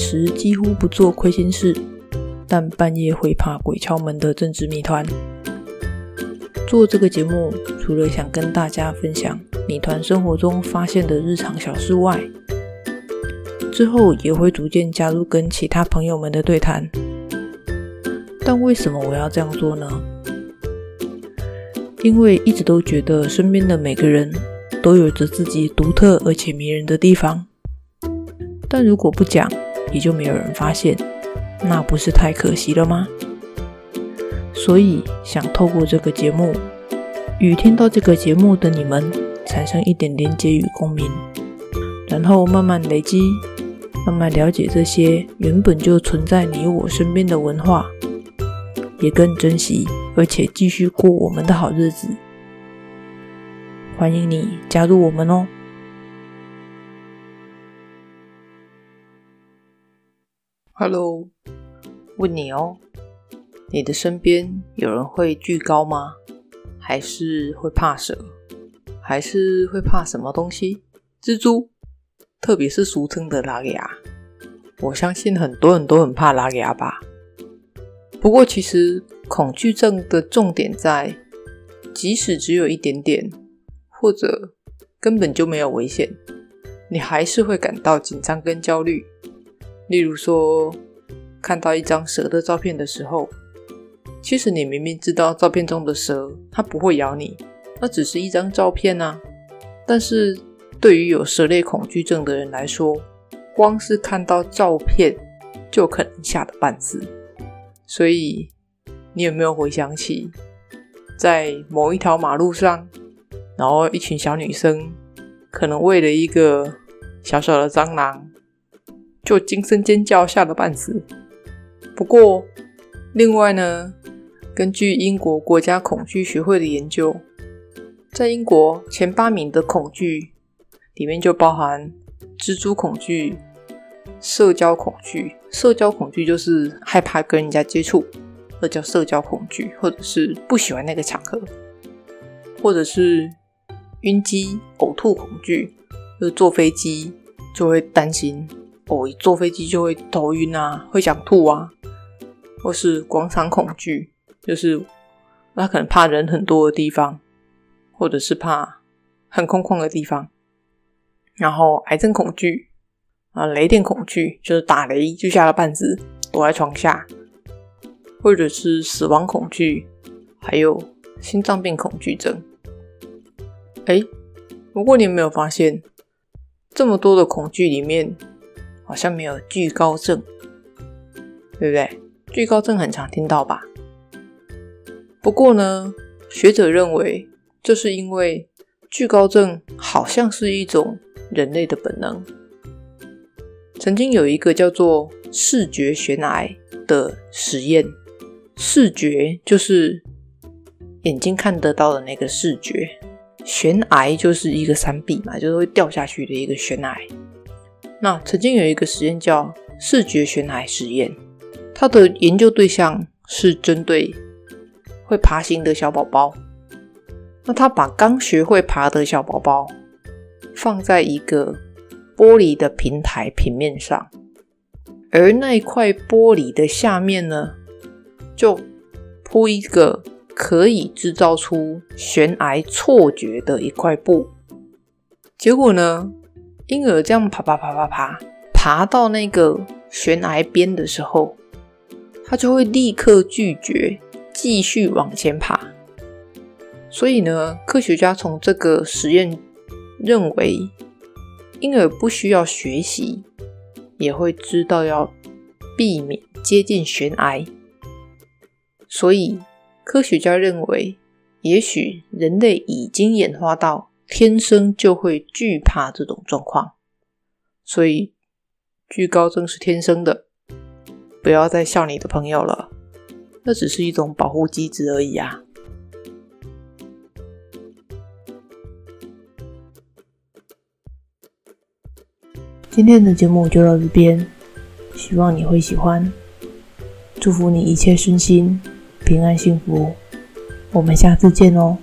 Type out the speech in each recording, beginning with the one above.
時幾乎不做虧心事，但半夜會怕鬼敲門的政治謎團。做這個節目，除了想跟大家分享謎團生活中發現的日常小事外，之後也會逐漸加入跟其他朋友們的對談。但為什麼我要這樣做呢？因為一直都覺得身邊的每個人都有着自己獨特而且迷人的地方，但如果不講。也就沒有人發現，那不是太可惜了嗎？所以想透過這個節目，與聽到這個節目的你們，產生一點連接與共鳴，然後慢慢累積，慢慢了解這些原本就存在你我身邊的文化，也更珍惜，而且繼續過我們的好日子。歡迎你加入我們哦！Hello，問你哦，你的身邊有人會懼高嗎？還是會怕蛇？還是會怕什麼東西？蜘蛛，特別是俗稱的喇牙。我相信很多人都很怕喇牙吧。不過，其實恐懼症的重點在，即使只有一點點，或者根本就沒有危險，你還是會感到緊張跟焦慮。例如說，看到一張蛇的照片的時候，其實你明明知道照片中的蛇它不會咬你，那只是一張照片啊。但是對於有蛇類恐懼症的人來說，光是看到照片就可能嚇得半死。所以，你有沒有回想起，在某一條馬路上，然後一群小女生可能為了一個小小的蟑螂，就驚聲尖叫，嚇得半死。不過，另外呢，根據英國國家恐懼學會的研究，在英國前八名的恐懼裡面就包含蜘蛛恐懼、社交恐懼。社交恐懼就是害怕跟人家接觸，這叫社交恐懼，或者是不喜歡那個場合，或者是暈機嘔吐恐懼，就是坐飛機就會擔心。我、哦、一坐飛機就會頭暈啊，會想吐啊，或是廣場恐懼，就是他可能怕人很多的地方，或者是怕很空曠的地方。然後癌症恐懼啊，雷電恐懼，就是打雷就嚇得半死，躲在床下，或者是死亡恐懼，還有心臟病恐懼症。哎、欸，不過你有沒有發現，這麼多的恐懼裡面，好像沒有懼高症，對不對？懼高症很常聽到吧？不過呢，學者認為這是因為懼高症好像是一種人類的本能。曾經有一個叫做“視覺懸崖”的實驗，視覺就是眼睛看得到的那個視覺，懸崖就是一個山壁嘛，就是會掉下去的一個懸崖。那曾經有一個實驗叫視覺懸崖實驗，它的研究對象是針對會爬行的小寶寶。那他把剛學會爬的小寶寶放在一個玻璃的平台平面上，而那一塊玻璃的下面呢，就鋪一個可以制造出懸崖錯覺的一塊布。結果呢？嬰兒這樣爬爬爬爬爬，爬到那個懸崖邊的時候，他就會立刻拒絕繼續往前爬。所以呢，科學家從這個實驗認為，嬰兒不需要學習，也會知道要避免接近懸崖。所以，科學家認為，也許人類已經演化到，天生就會懼怕這種狀況，所以懼高症是天生的。不要再笑你的朋友了，那只是一種保護機制而已啊！今天的節目就到這邊，希望你會喜歡。祝福你一切順心，平安幸福，我們下次見哦，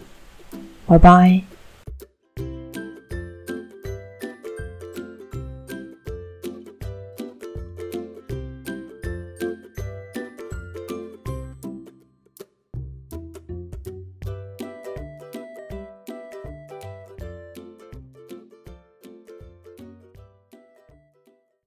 拜拜。